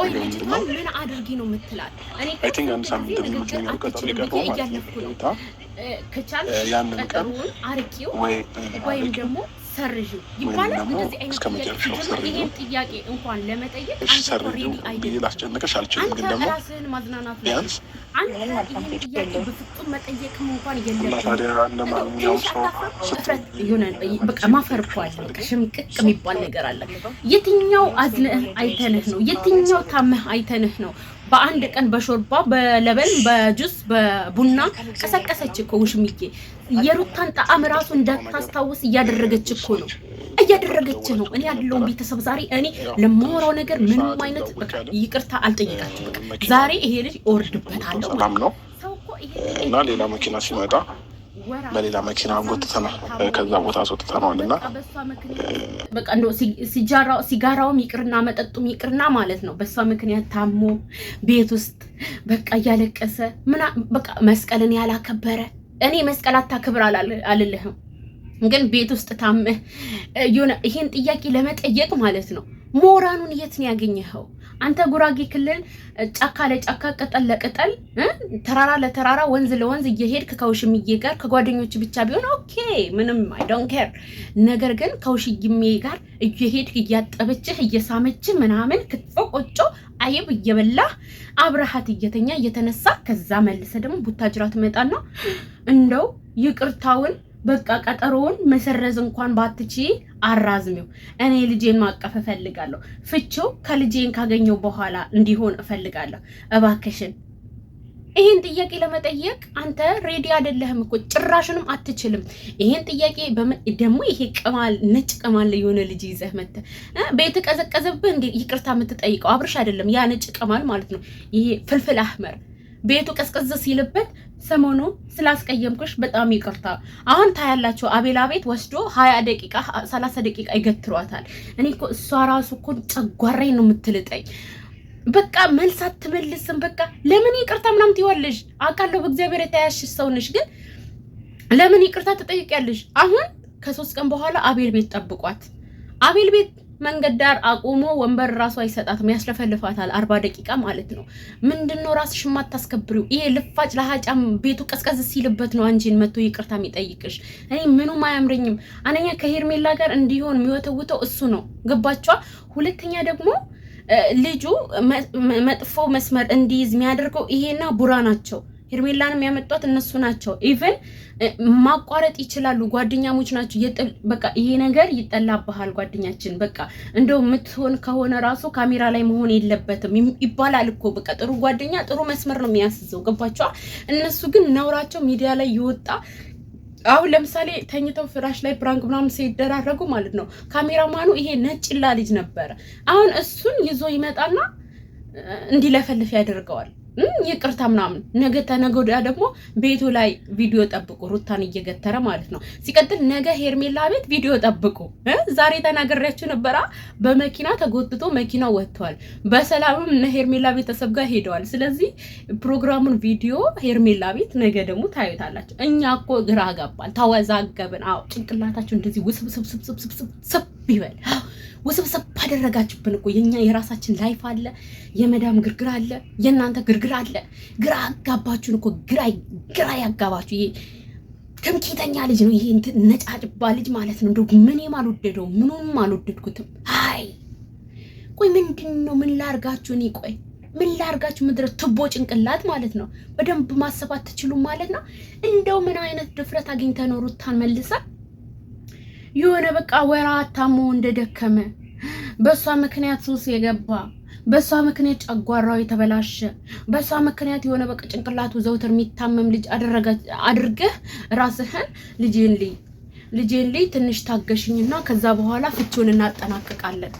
ቆይ ልጅቷን ምን አድርጊ ነው የምትላት እኔ ንግግር እያለፍኩ ነው። ከቻልሽ ቀጠሮውን አርቂው ወይም ደግሞ ሰርዥ ይባላል። ይሄን ጥያቄ እንኳን ለመጠየቅ በፍጹም መጠየቅም እንኳን የለበቃ ማፈር እኮ አለ። ሽምቅቅ የሚባል ነገር አለ። የትኛው አዝነህ አይተንህ ነው? የትኛው ታመህ አይተንህ ነው? በአንድ ቀን በሾርባ በለበን በጁስ በቡና ቀሰቀሰች እኮ ውሽሚኬ። የሩታን ጣዕም ራሱ እንዳታስታውስ እያደረገች እኮ ነው፣ እያደረገች ነው። እኔ ያለውን ቤተሰብ ዛሬ እኔ ለማወራው ነገር ምንም አይነት ይቅርታ አልጠይቃችሁ። በቃ ዛሬ ይሄ ልጅ እወርድበታለሁ ነው እና ሌላ መኪና ሲመጣ በሌላ መኪና ጎትተናል፣ ከዛ ቦታ አስወጥተነዋል እና በቃ እንደው ሲጋራውም ይቅርና መጠጡም ይቅርና ማለት ነው። በእሷ ምክንያት ታሞ ቤት ውስጥ በቃ እያለቀሰ ምና በቃ መስቀልን ያላከበረ እኔ መስቀል አታክብር አልልህም፣ ግን ቤት ውስጥ ታምህ ይሄን ጥያቄ ለመጠየቅ ማለት ነው ሞራኑን የት ነው ያገኘኸው? አንተ ጉራጌ ክልል ጫካ ለጫካ ቅጠል ለቅጠል ተራራ ለተራራ ወንዝ ለወንዝ እየሄድክ ከውሽምዬ ጋር ከጓደኞች ብቻ ቢሆን ኦኬ፣ ምንም አይ ዶንት ኬር። ነገር ግን ከውሽይሜ ጋር እየሄድክ እያጠበችህ እየሳመችህ ምናምን ክትፎ ቆጮ አይብ እየበላህ አብረሃት እየተኛ እየተነሳ ከዛ መልሰ ደግሞ ቡታጅራ ትመጣና እንደው ይቅርታውን በቃ ቀጠሮውን መሰረዝ እንኳን ባትቺ አራዝሚው። እኔ ልጄን ማቀፍ እፈልጋለሁ። ፍቺው ከልጄን ካገኘው በኋላ እንዲሆን እፈልጋለሁ። እባክሽን ይህን ጥያቄ ለመጠየቅ አንተ ሬዲ አይደለህም እኮ ጭራሽንም አትችልም። ይህን ጥያቄ በምን ደግሞ ይሄ ቅማል ነጭ ቅማል የሆነ ልጅ ይዘህ መተህ ቤት ቀዘቀዘብህ እንዴ? ይቅርታ የምትጠይቀው አብርሽ አይደለም ያ ነጭ ቅማል ማለት ነው። ይሄ ፍልፍል አህመር ቤቱ ቀዝቀዝ ሲልበት ሰሞኑ ስላስቀየምኩሽ በጣም ይቅርታ። አሁን ታያላችሁ አቤላ ቤት ወስዶ ሀያ ደቂቃ ሰላሳ ደቂቃ ይገትሯታል። እኔ እኮ እሷ ራሱ እኮ ጨጓራኝ ነው የምትልጠኝ። በቃ መልስ አትመልስም። በቃ ለምን ይቅርታ ምናምን ትይዋለሽ? አውቃለሁ በእግዚአብሔር የተያሽ ሰውንሽ፣ ግን ለምን ይቅርታ ትጠይቂያለሽ? አሁን ከሶስት ቀን በኋላ አቤል ቤት ጠብቋት። አቤል ቤት መንገድ ዳር አቁሞ ወንበር ራሱ አይሰጣትም፣ ያስለፈልፋታል። አርባ ደቂቃ ማለት ነው። ምንድነው ነው ራስሽ የማታስከብሪው? ይሄ ልፋጭ ለሀጫም ቤቱ ቀዝቀዝ ሲልበት ነው አንቺን መቶ ይቅርታ የሚጠይቅሽ። እኔ ምኑም አያምረኝም። አንደኛ ከሄርሜላ ጋር እንዲሆን የሚወተውተው እሱ ነው። ገባችኋ? ሁለተኛ ደግሞ ልጁ መጥፎ መስመር እንዲይዝ የሚያደርገው ይሄና ቡራ ናቸው። ሄርሜላንም ያመጧት እነሱ ናቸው። ኢቭን ማቋረጥ ይችላሉ። ጓደኛሞች ናቸው። በቃ ይሄ ነገር ይጠላብሃል ጓደኛችን፣ በቃ እንደው የምትሆን ከሆነ ራሱ ካሜራ ላይ መሆን የለበትም ይባላል እኮ በቃ ጥሩ ጓደኛ ጥሩ መስመር ነው የሚያስዘው። ገባችኋል? እነሱ ግን ነውራቸው ሚዲያ ላይ የወጣ አሁን ለምሳሌ ተኝተው ፍራሽ ላይ ብራንክ ምናምን ሲደራረጉ ማለት ነው። ካሜራማኑ ይሄ ነጭላ ልጅ ነበረ። አሁን እሱን ይዞ ይመጣና እንዲለፈልፍ ያደርገዋል። ይቅርታ ምናምን ነገ ተነገ ወዲያ ደግሞ ቤቱ ላይ ቪዲዮ ጠብቁ፣ ሩታን እየገተረ ማለት ነው። ሲቀጥል ነገ ሄርሜላ ቤት ቪዲዮ ጠብቁ። ዛሬ ተናገሪያችሁ ነበራ። በመኪና ተጎትቶ መኪና ወጥቷል። በሰላምም እነ ሄርሜላ ቤተሰብ ጋር ሄደዋል። ስለዚህ ፕሮግራሙን ቪዲዮ ሄርሜላ ቤት ነገ ደግሞ ታዩታላችሁ። እኛ እኮ ግራ ገባል፣ ተወዛገብን። አዎ ጭንቅላታችሁ እንደዚህ ውስብስብስብስብስብ ይበል። ውስብስብ ባደረጋችሁብን እኮ የኛ የራሳችን ላይፍ አለ፣ የመዳም ግርግር አለ፣ የእናንተ ግርግር አለ። ግራ አጋባችሁን እኮ ግራ ግራ ያጋባችሁ። ይሄ ትምኪተኛ ልጅ ነው ይሄ ነጫጭባ ልጅ ማለት ነው። እንደው ምንም አልወደደው ምኑም አልወደድኩትም። አይ ቆይ ምንድን ነው? ምን ላርጋችሁ? እኔ ቆይ ምን ላርጋችሁ? ምድረ ትቦ ጭንቅላት ማለት ነው። በደንብ ማሰብ አትችሉም ማለት ነው። እንደው ምን አይነት ድፍረት አግኝተ ነው ሩታን የሆነ በቃ ወራ አታሞ እንደደከመ በእሷ ምክንያት ሱስ የገባ በእሷ ምክንያት ጨጓራው የተበላሸ በእሷ ምክንያት የሆነ በቃ ጭንቅላቱ ዘውትር የሚታመም ልጅ አድርገህ ራስህን ልጄን ልይ ልጄን ልይ ትንሽ ታገሽኝና ከዛ በኋላ ፍቺውን እናጠናቅቃለን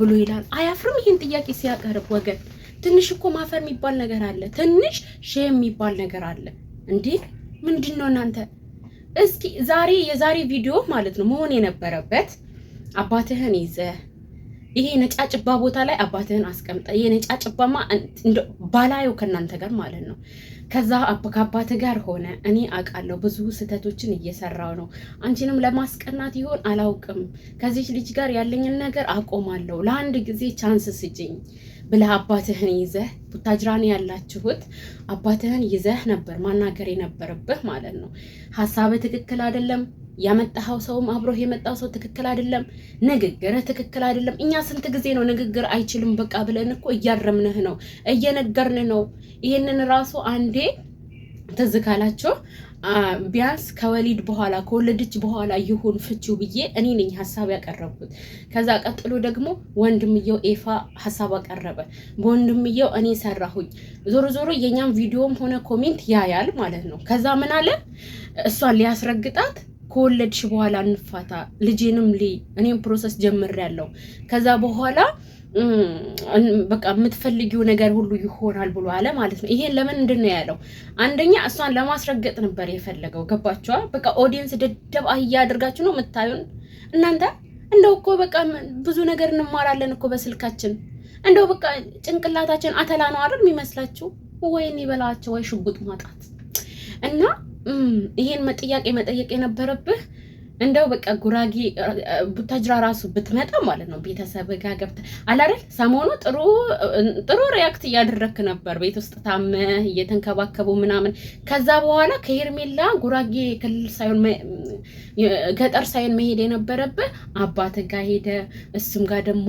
ብሎ ይላል። አያፍርም? ይህን ጥያቄ ሲያቀርብ ወገን፣ ትንሽ እኮ ማፈር የሚባል ነገር አለ። ትንሽ ሼም የሚባል ነገር አለ። እንዴ ምንድን ነው እናንተ እስኪ ዛሬ የዛሬ ቪዲዮ ማለት ነው መሆን የነበረበት አባትህን ይዘህ ይሄ ነጫጭባ ቦታ ላይ አባትህን አስቀምጠ። ይሄ ነጫጭባማ ባላየው ከእናንተ ጋር ማለት ነው። ከዛ ከአባትህ ጋር ሆነ እኔ አውቃለሁ ብዙ ስህተቶችን እየሰራው ነው። አንቺንም ለማስቀናት ይሆን አላውቅም። ከዚች ልጅ ጋር ያለኝን ነገር አቆማለሁ። ለአንድ ጊዜ ቻንስ ስጭኝ። ብለህ አባትህን ይዘህ ቡታጅራን ያላችሁት አባትህን ይዘህ ነበር ማናገር የነበረብህ ማለት ነው። ሀሳብህ ትክክል አይደለም። ያመጣኸው ሰውም አብሮህ የመጣው ሰው ትክክል አይደለም። ንግግርህ ትክክል አይደለም። እኛ ስንት ጊዜ ነው ንግግር አይችልም በቃ ብለን እኮ እያረምንህ ነው፣ እየነገርንህ ነው። ይህንን ራሱ አንዴ ትዝ ካላችሁ ቢያንስ ከወሊድ በኋላ ከወለደች በኋላ ይሁን ፍቺው ብዬ እኔ ነኝ ሀሳብ ያቀረብኩት። ከዛ ቀጥሎ ደግሞ ወንድምየው ኤፋ ሀሳብ አቀረበ። በወንድምየው እኔ ሰራሁኝ። ዞሮ ዞሮ የኛም ቪዲዮም ሆነ ኮሜንት ያያል ማለት ነው። ከዛ ምን አለ እሷን ሊያስረግጣት ከወለድሽ በኋላ እንፋታ፣ ልጄንም ልይ፣ እኔም ፕሮሰስ ጀምሬያለሁ። ከዛ በኋላ በቃ የምትፈልጊው ነገር ሁሉ ይሆናል ብሎ አለ ማለት ነው። ይሄን ለምን ነው ያለው? አንደኛ እሷን ለማስረገጥ ነበር የፈለገው። ገባችኋ? በቃ ኦዲየንስ ደደብ አህያ አድርጋችሁ ነው የምታዩን እናንተ። እንደው እኮ በቃ ብዙ ነገር እንማራለን እኮ በስልካችን። እንደው በቃ ጭንቅላታችን አተላ ነው አይደል የሚመስላችሁ? ወይን ይበላቸው ወይ ሽጉጥ ማጣት እና ይሄን ጥያቄ መጠየቅ የነበረብህ እንደው በቃ ጉራጌ ቡታጅራ ራሱ ብትመጣ ማለት ነው ቤተሰብ ጋ ገብተህ አላረል ሰሞኑ ጥሩ ጥሩ ሪያክት እያደረክ ነበር፣ ቤት ውስጥ ታመ እየተንከባከቡ ምናምን። ከዛ በኋላ ከሄርሜላ ጉራጌ ክልል ሳይሆን ገጠር ሳይሆን መሄድ የነበረብህ አባት ጋ ሄደ። እሱም ጋር ደግሞ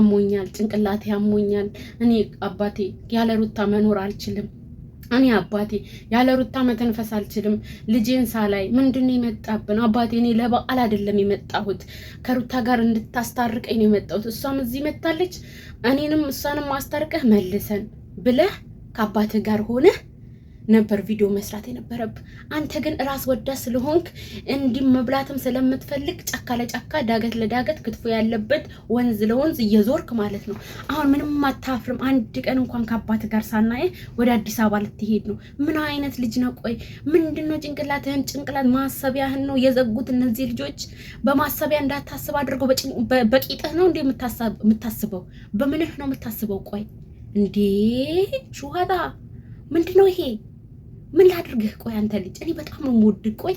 አሞኛል፣ ጭንቅላቴ አሞኛል፣ እኔ አባቴ ያለ ሩታ መኖር አልችልም እኔ አባቴ ያለ ሩታ መተንፈስ አልችልም። ልጄን ሳላይ ምንድን የመጣብን? አባቴ እኔ ለበዓል አይደለም የመጣሁት ከሩታ ጋር እንድታስታርቀኝ ነው የመጣሁት። እሷም እዚህ መታለች እኔንም እሷንም ማስታርቀህ መልሰን ብለህ ከአባትህ ጋር ሆነህ ነበር ቪዲዮ መስራት የነበረብ። አንተ ግን ራስ ወዳ ስለሆንክ እንዲህ መብላትም ስለምትፈልግ ጫካ ለጫካ ዳገት ለዳገት ክትፎ ያለበት ወንዝ ለወንዝ እየዞርክ ማለት ነው። አሁን ምንም አታፍርም። አንድ ቀን እንኳን ከአባት ጋር ሳናየ ወደ አዲስ አበባ ልትሄድ ነው። ምን አይነት ልጅ ነው? ቆይ ምንድን ነው ጭንቅላትህን? ጭንቅላት ማሰቢያህን ነው የዘጉት እነዚህ ልጆች። በማሰቢያ እንዳታስብ አድርገው። በቂጥህ ነው እንዴ የምታስበው? በምንህ ነው የምታስበው? ቆይ እንዴ ሹሃታ ምንድን ነው ይሄ? ምን ላድርግህ? ቆይ አንተ ልጅ እኔ በጣም ነው የምወድህ። ቆይ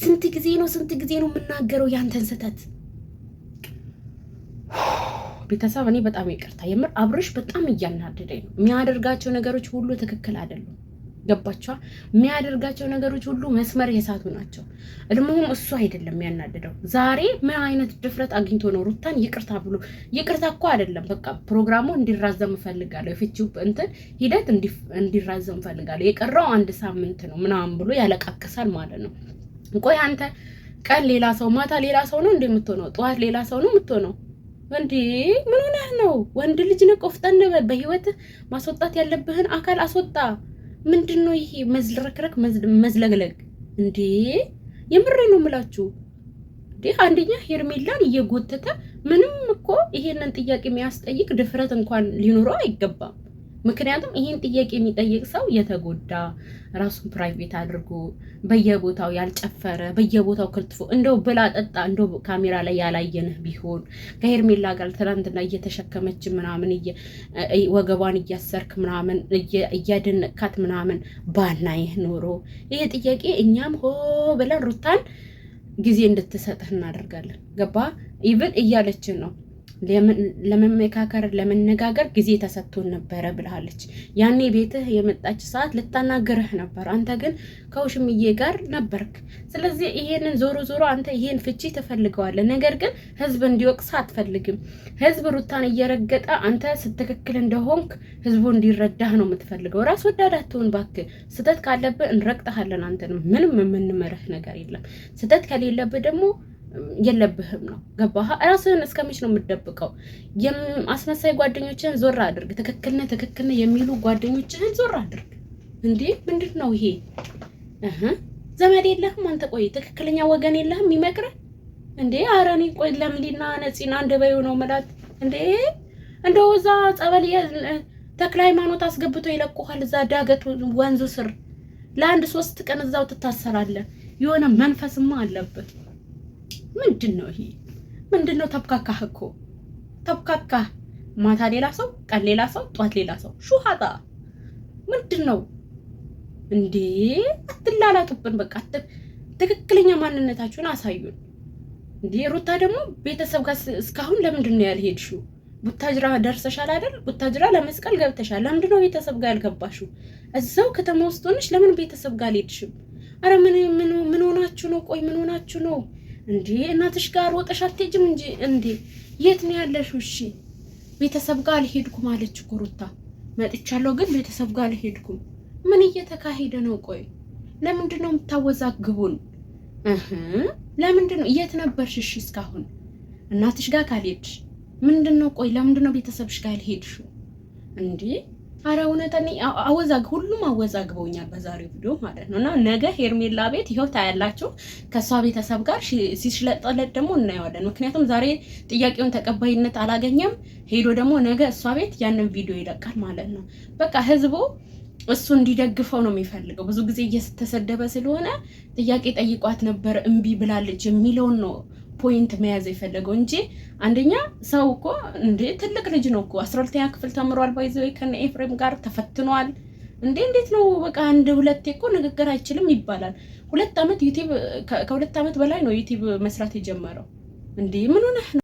ስንት ጊዜ ነው ስንት ጊዜ ነው የምናገረው ያንተን ስህተት ቤተሰብ። እኔ በጣም ይቅርታ የምር አብርሽ በጣም እያናደደኝ ነው። የሚያደርጋቸው ነገሮች ሁሉ ትክክል አይደሉም። ገባቿ የሚያደርጋቸው ነገሮች ሁሉ መስመር የሳቱ ናቸው። እድሞሁም እሱ አይደለም ያናደደው። ዛሬ ምን አይነት ድፍረት አግኝቶ ነው ሩታን ይቅርታ ብሎ? ይቅርታ እኮ አይደለም በቃ ፕሮግራሙ እንዲራዘም እፈልጋለሁ፣ የፍቺው እንትን ሂደት እንዲራዘም እፈልጋለሁ፣ የቀረው አንድ ሳምንት ነው ምናምን ብሎ ያለቃቅሳል ማለት ነው። ቆይ አንተ ቀን ሌላ ሰው ማታ ሌላ ሰው ነው እንደ የምትሆነው፣ ጠዋት ሌላ ሰው ነው የምትሆነው። እንዴ ምን ሆነህ ነው? ወንድ ልጅ ነህ። ቆፍጠን በህይወት ማስወጣት ያለብህን አካል አስወጣ። ምንድን ነው ይሄ መዝረክረክ መዝለግለግ? እንዴ የምሬ ነው የምላችሁ። እንዴ አንደኛ ሄርሜላን እየጎተተ ምንም እኮ ይሄንን ጥያቄ የሚያስጠይቅ ድፍረት እንኳን ሊኖረው አይገባም። ምክንያቱም ይህን ጥያቄ የሚጠይቅ ሰው የተጎዳ ራሱን ፕራይቬት አድርጎ በየቦታው ያልጨፈረ በየቦታው ክልትፎ እንደው ብላ ጠጣ እንደው ካሜራ ላይ ያላየንህ ቢሆን ከሄርሜላ ጋር ትናንትና እየተሸከመች ምናምን ወገቧን እያሰርክ ምናምን እያደነቅካት ምናምን ባናይህ ኖሮ ይሄ ጥያቄ እኛም ሆ ብለን ሩታን ጊዜ እንድትሰጥህ እናደርጋለን። ገባ ኢቭን እያለችን ነው ለመመካከር ለመነጋገር ጊዜ ተሰጥቶን ነበረ ብላለች። ያኔ ቤትህ የመጣች ሰዓት ልታናገርህ ነበር፣ አንተ ግን ከውሽምዬ ጋር ነበርክ። ስለዚህ ይሄንን ዞሮ ዞሮ አንተ ይሄን ፍቺ ትፈልገዋለህ። ነገር ግን ህዝብ እንዲወቅስ አትፈልግም። ህዝብ ሩታን እየረገጠ አንተ ስትክክል እንደሆንክ ህዝቡ እንዲረዳህ ነው የምትፈልገው። ራስ ወዳድ ባክ እባክህ። ስህተት ካለብህ እንረግጠሃለን። አንተን ምንም የምንመርህ ነገር የለም። ስህተት ከሌለብህ ደግሞ የለብህም ነው። ገባህ? ራስህን እስከመች ነው የምደብቀው አስመሳይ ጓደኞችህን ዞር አድርግ። ትክክል ነህ፣ ትክክል ነህ የሚሉ ጓደኞችህን ዞር አድርግ። እንዴ ምንድን ነው ይሄ? ዘመድ የለህም አንተ? ቆይ ትክክለኛ ወገን የለህም ይመክረህ እንዴ? ኧረ እኔ ቆይ ለምሊና ነፂና አንድ በይው ነው መላት። እንዴ እንደው እዛ ጸበል ተክለ ሃይማኖት አስገብቶ ይለቁሃል። እዛ ዳገት ወንዙ ስር ለአንድ ሶስት ቀን እዛው ትታሰራለህ። የሆነ መንፈስማ አለብህ። ምንድን ነው ይሄ? ምንድን ነው ተብካካህ እኮ ተብካካህ። ማታ ሌላ ሰው፣ ቀን ሌላ ሰው፣ ጧት ሌላ ሰው። ሹሃጣ ምንድን ነው እንዴ? አትላላጡብን። በቃ ትክክለኛ ማንነታችሁን አሳዩን። እንዴ ሩታ ደግሞ ቤተሰብ ጋር እስካሁን ለምንድን ነው ያልሄድሽው? ቡታጅራ ደርሰሻል አይደል? ቡታጅራ ለመስቀል ገብተሻል። ለምንድን ነው ቤተሰብ ጋር ያልገባሽው? እዛው ከተማ ውስጥ ሆነሽ ለምን ቤተሰብ ጋር አልሄድሽም? አረ ምን ምን ሆናችሁ ነው? ቆይ ምን ሆናችሁ ነው? እንዴ እናትሽ ጋር ወጠሽ አትሄጂም እንጂ እንዴ የት ነው ያለሽው? እሺ ቤተሰብ ጋር አልሄድኩም አለች እኮ ሩታ። መጥቻለሁ ግን ቤተሰብ ጋር አልሄድኩም። ምን እየተካሄደ ነው? ቆይ ለምንድን ነው የምታወዛግቡን? እህ ለምንድን ነው የት ነበርሽ? እሺ እስካሁን እናትሽ ጋር ካልሄድሽ ምንድን ነው? ቆይ ለምንድን ነው ቤተሰብሽ ጋር አልሄድሽው እንዴ? አረ እውነት እኔ አወዛግ ሁሉም አወዛግበውኛል በዛሬው ቪዲዮ ማለት ነው። እና ነገ ሄርሜላ ቤት ይኸው ታያላችሁ ከእሷ ቤተሰብ ጋር ሲሽለጠለጥ ደግሞ እናየዋለን። ምክንያቱም ዛሬ ጥያቄውን ተቀባይነት አላገኘም፣ ሄዶ ደግሞ ነገ እሷ ቤት ያንን ቪዲዮ ይለቃል ማለት ነው። በቃ ህዝቡ እሱ እንዲደግፈው ነው የሚፈልገው። ብዙ ጊዜ እየተሰደበ ስለሆነ ጥያቄ ጠይቋት ነበር እምቢ ብላለች የሚለውን ነው ፖይንት መያዝ የፈለገው እንጂ አንደኛ ሰው እኮ እንዴ ትልቅ ልጅ ነው እኮ አስራ ሁለተኛ ክፍል ተምሯል። ባይዘ ከነ ኤፍሬም ጋር ተፈትኗል። እንዴ እንዴት ነው በቃ አንድ ሁለቴ እኮ ንግግር አይችልም ይባላል። ሁለት ዓመት ዩቲብ ከሁለት ዓመት በላይ ነው ዩቲብ መስራት የጀመረው። እንዴ ምን ሆነህ ነው?